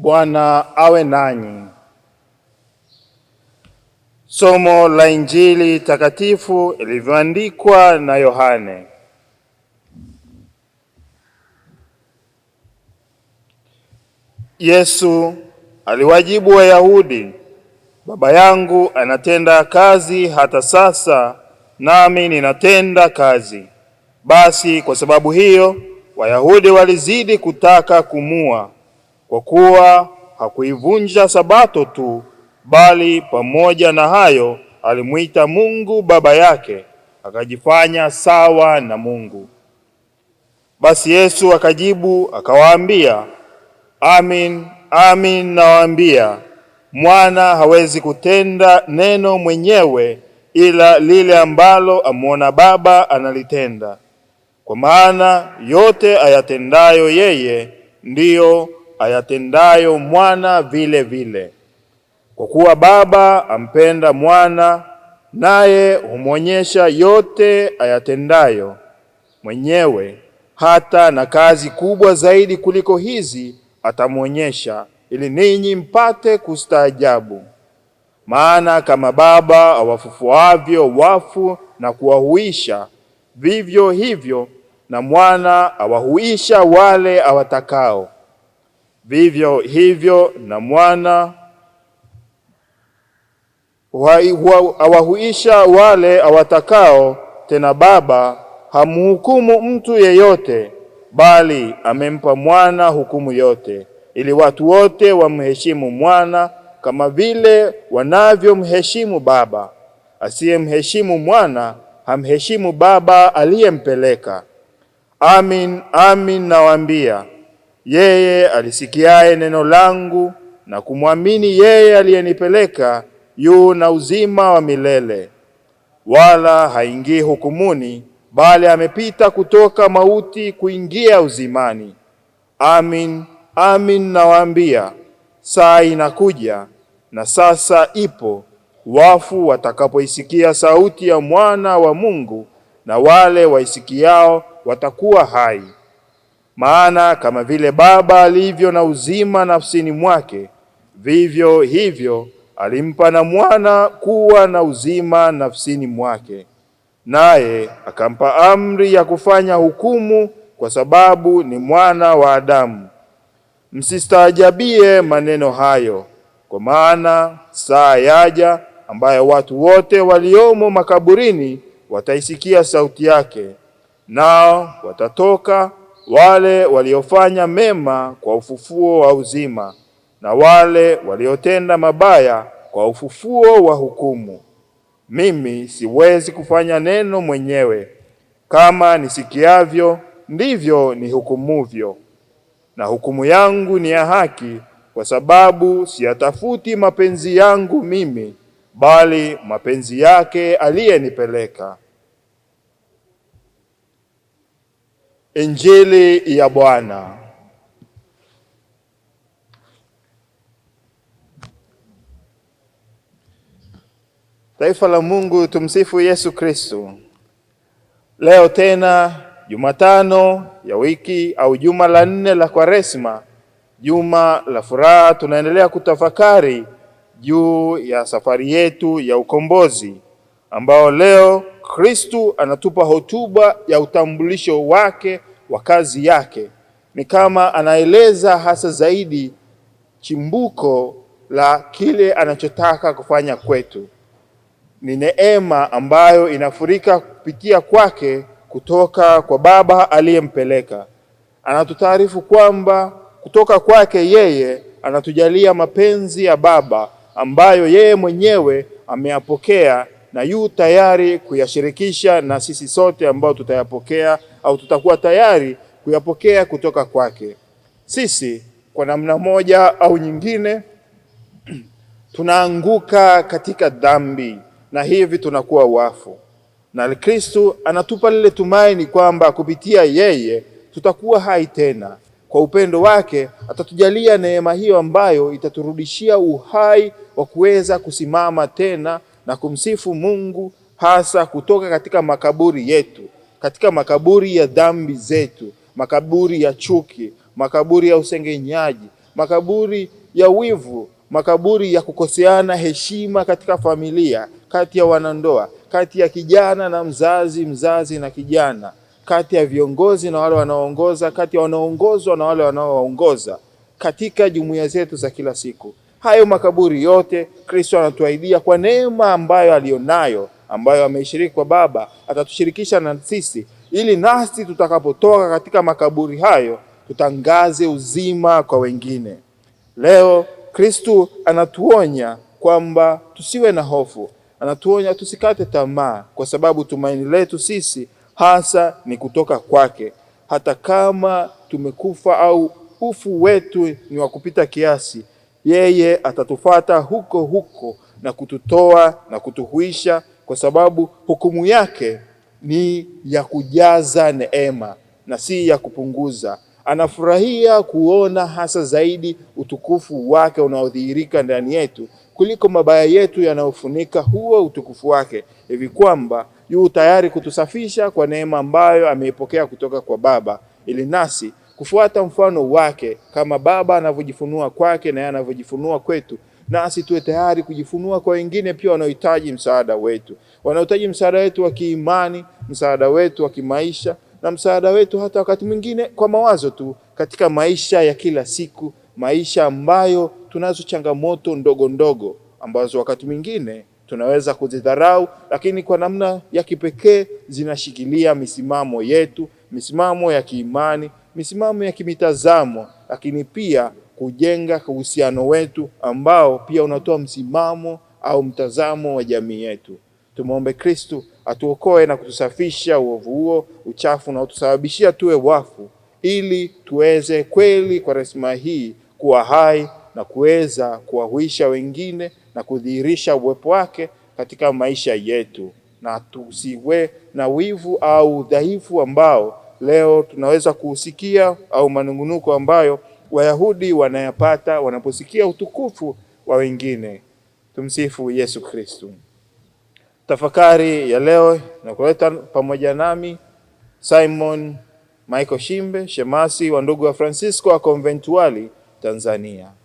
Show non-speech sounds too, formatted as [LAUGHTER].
Bwana awe nanyi. Somo la Injili takatifu ilivyoandikwa na Yohane. Yesu aliwajibu Wayahudi, Baba yangu anatenda kazi hata sasa, nami ninatenda kazi. Basi kwa sababu hiyo Wayahudi walizidi kutaka kumua kwa kuwa hakuivunja sabato tu, bali pamoja na hayo alimwita Mungu Baba yake, akajifanya sawa na Mungu. Basi Yesu akajibu akawaambia, amin amin, nawaambia mwana hawezi kutenda neno mwenyewe, ila lile ambalo amwona Baba analitenda, kwa maana yote ayatendayo yeye ndiyo ayatendayo mwana vile vile, kwa kuwa Baba ampenda mwana naye humwonyesha yote ayatendayo mwenyewe, hata na kazi kubwa zaidi kuliko hizi atamwonyesha, ili ninyi mpate kustaajabu. Maana kama Baba awafufuavyo wafu na kuwahuisha, vivyo hivyo na Mwana awahuisha wale awatakao vivyo hivyo na mwana awahuisha wale awatakao. Tena Baba hamhukumu mtu yeyote, bali amempa mwana hukumu yote, ili watu wote wamheshimu mwana kama vile wanavyomheshimu Baba. Asiyemheshimu mwana hamheshimu Baba aliyempeleka. Amin, amin nawaambia yeye alisikiaye neno langu na kumwamini yeye aliyenipeleka yu na uzima wa milele, wala haingii hukumuni, bali amepita kutoka mauti kuingia uzimani. Amin, amin nawaambia, saa inakuja na sasa ipo, wafu watakapoisikia sauti ya mwana wa Mungu, na wale waisikiao watakuwa hai. Maana kama vile Baba alivyo na uzima nafsini mwake, vivyo hivyo alimpa na Mwana kuwa na uzima nafsini mwake, naye akampa amri ya kufanya hukumu, kwa sababu ni mwana wa Adamu. Msistaajabie maneno hayo, kwa maana saa yaja ambayo watu wote waliomo makaburini wataisikia sauti yake, nao watatoka wale waliofanya mema kwa ufufuo wa uzima na wale waliotenda mabaya kwa ufufuo wa hukumu. Mimi siwezi kufanya neno mwenyewe; kama nisikiavyo, ndivyo nihukumuvyo, na hukumu yangu ni ya haki, kwa sababu siyatafuti mapenzi yangu mimi, bali mapenzi yake aliyenipeleka. Injili ya Bwana. Taifa la Mungu, tumsifu Yesu Kristo. Leo tena Jumatano ya wiki au juma la nne la Kwaresma, juma la furaha, tunaendelea kutafakari juu ya safari yetu ya ukombozi ambao leo Kristu anatupa hotuba ya utambulisho wake wa kazi yake ni kama anaeleza hasa zaidi chimbuko la kile anachotaka kufanya kwetu. Ni neema ambayo inafurika kupitia kwake kutoka kwa Baba aliyempeleka. Anatutaarifu kwamba kutoka kwake yeye anatujalia mapenzi ya Baba ambayo yeye mwenyewe ameyapokea na yu tayari kuyashirikisha na sisi sote ambao tutayapokea au tutakuwa tayari kuyapokea kutoka kwake. Sisi kwa namna moja au nyingine [CLEARS THROAT] tunaanguka katika dhambi na hivi tunakuwa wafu, na Kristo anatupa lile tumaini kwamba kupitia yeye tutakuwa hai tena. Kwa upendo wake atatujalia neema hiyo ambayo itaturudishia uhai wa kuweza kusimama tena na kumsifu Mungu hasa kutoka katika makaburi yetu, katika makaburi ya dhambi zetu, makaburi ya chuki, makaburi ya usengenyaji, makaburi ya wivu, makaburi ya kukoseana heshima katika familia, kati ya wanandoa, kati ya kijana na mzazi, mzazi na kijana, kati ya viongozi na wale wanaoongoza, kati ya wanaoongozwa na wale wanaowaongoza, katika jumuiya zetu za kila siku. Hayo makaburi yote Kristo anatuahidia kwa neema ambayo aliyonayo, ambayo ameishiriki kwa Baba, atatushirikisha na sisi, ili nasi tutakapotoka katika makaburi hayo tutangaze uzima kwa wengine. Leo Kristo anatuonya kwamba tusiwe na hofu, anatuonya tusikate tamaa, kwa sababu tumaini letu sisi hasa ni kutoka kwake. Hata kama tumekufa au ufu wetu ni wa kupita kiasi yeye atatufata huko huko na kututoa na kutuhuisha, kwa sababu hukumu yake ni ya kujaza neema na si ya kupunguza. Anafurahia kuona hasa zaidi utukufu wake unaodhihirika ndani yetu kuliko mabaya yetu yanayofunika huo utukufu wake, hivi kwamba yu tayari kutusafisha kwa neema ambayo ameipokea kutoka kwa Baba ili nasi kufuata mfano wake, kama Baba anavyojifunua kwake na yeye anavyojifunua kwetu, nasi tuwe tayari kujifunua kwa wengine pia wanaohitaji msaada wetu, wanaohitaji msaada wetu wa kiimani, msaada wetu wa kimaisha na msaada wetu hata wakati mwingine kwa mawazo tu, katika maisha ya kila siku, maisha ambayo tunazo changamoto ndogo ndogo ambazo wakati mwingine tunaweza kuzidharau, lakini kwa namna ya kipekee zinashikilia misimamo yetu, misimamo ya kiimani, misimamo ya kimitazamo, lakini pia kujenga uhusiano wetu ambao pia unatoa msimamo au mtazamo wa jamii yetu. Tumwombe Kristu atuokoe na kutusafisha uovu huo, uchafu unaotusababishia tuwe wafu, ili tuweze kweli kwa resima hii kuwa hai na kuweza kuwahuisha wengine na kudhihirisha uwepo wake katika maisha yetu, na tusiwe na wivu au udhaifu ambao leo tunaweza kuusikia au manungunuko ambayo Wayahudi wanayapata wanaposikia utukufu wa wengine. Tumsifu Yesu Kristu. Tafakari ya leo nakuleta pamoja nami Simon Michael Shimbe, shemasi wa ndugu wa Francisco wa conventuali Tanzania.